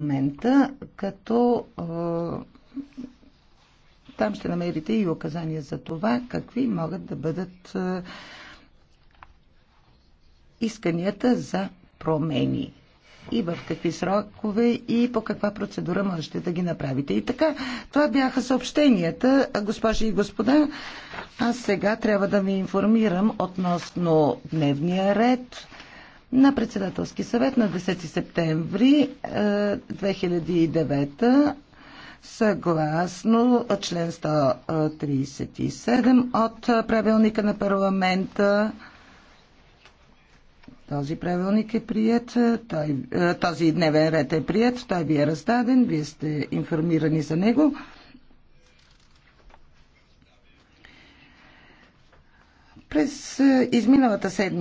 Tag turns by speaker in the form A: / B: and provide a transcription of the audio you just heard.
A: момента, като а, там ще намерите и указания за това, какви могат да бъдат а, исканията за промени и в какви срокове и по каква процедура можете да ги направите. И така, това бяха съобщенията, госпожи и господа. Аз сега трябва да ви информирам относно дневния ред на председателски съвет на 10 септември 2009 е, съгласно член 137 от правилника на парламента. Този правилник е прият, той, е, този дневен ред е прият, той ви е раздаден, вие сте информирани за него. През е, изминалата седмица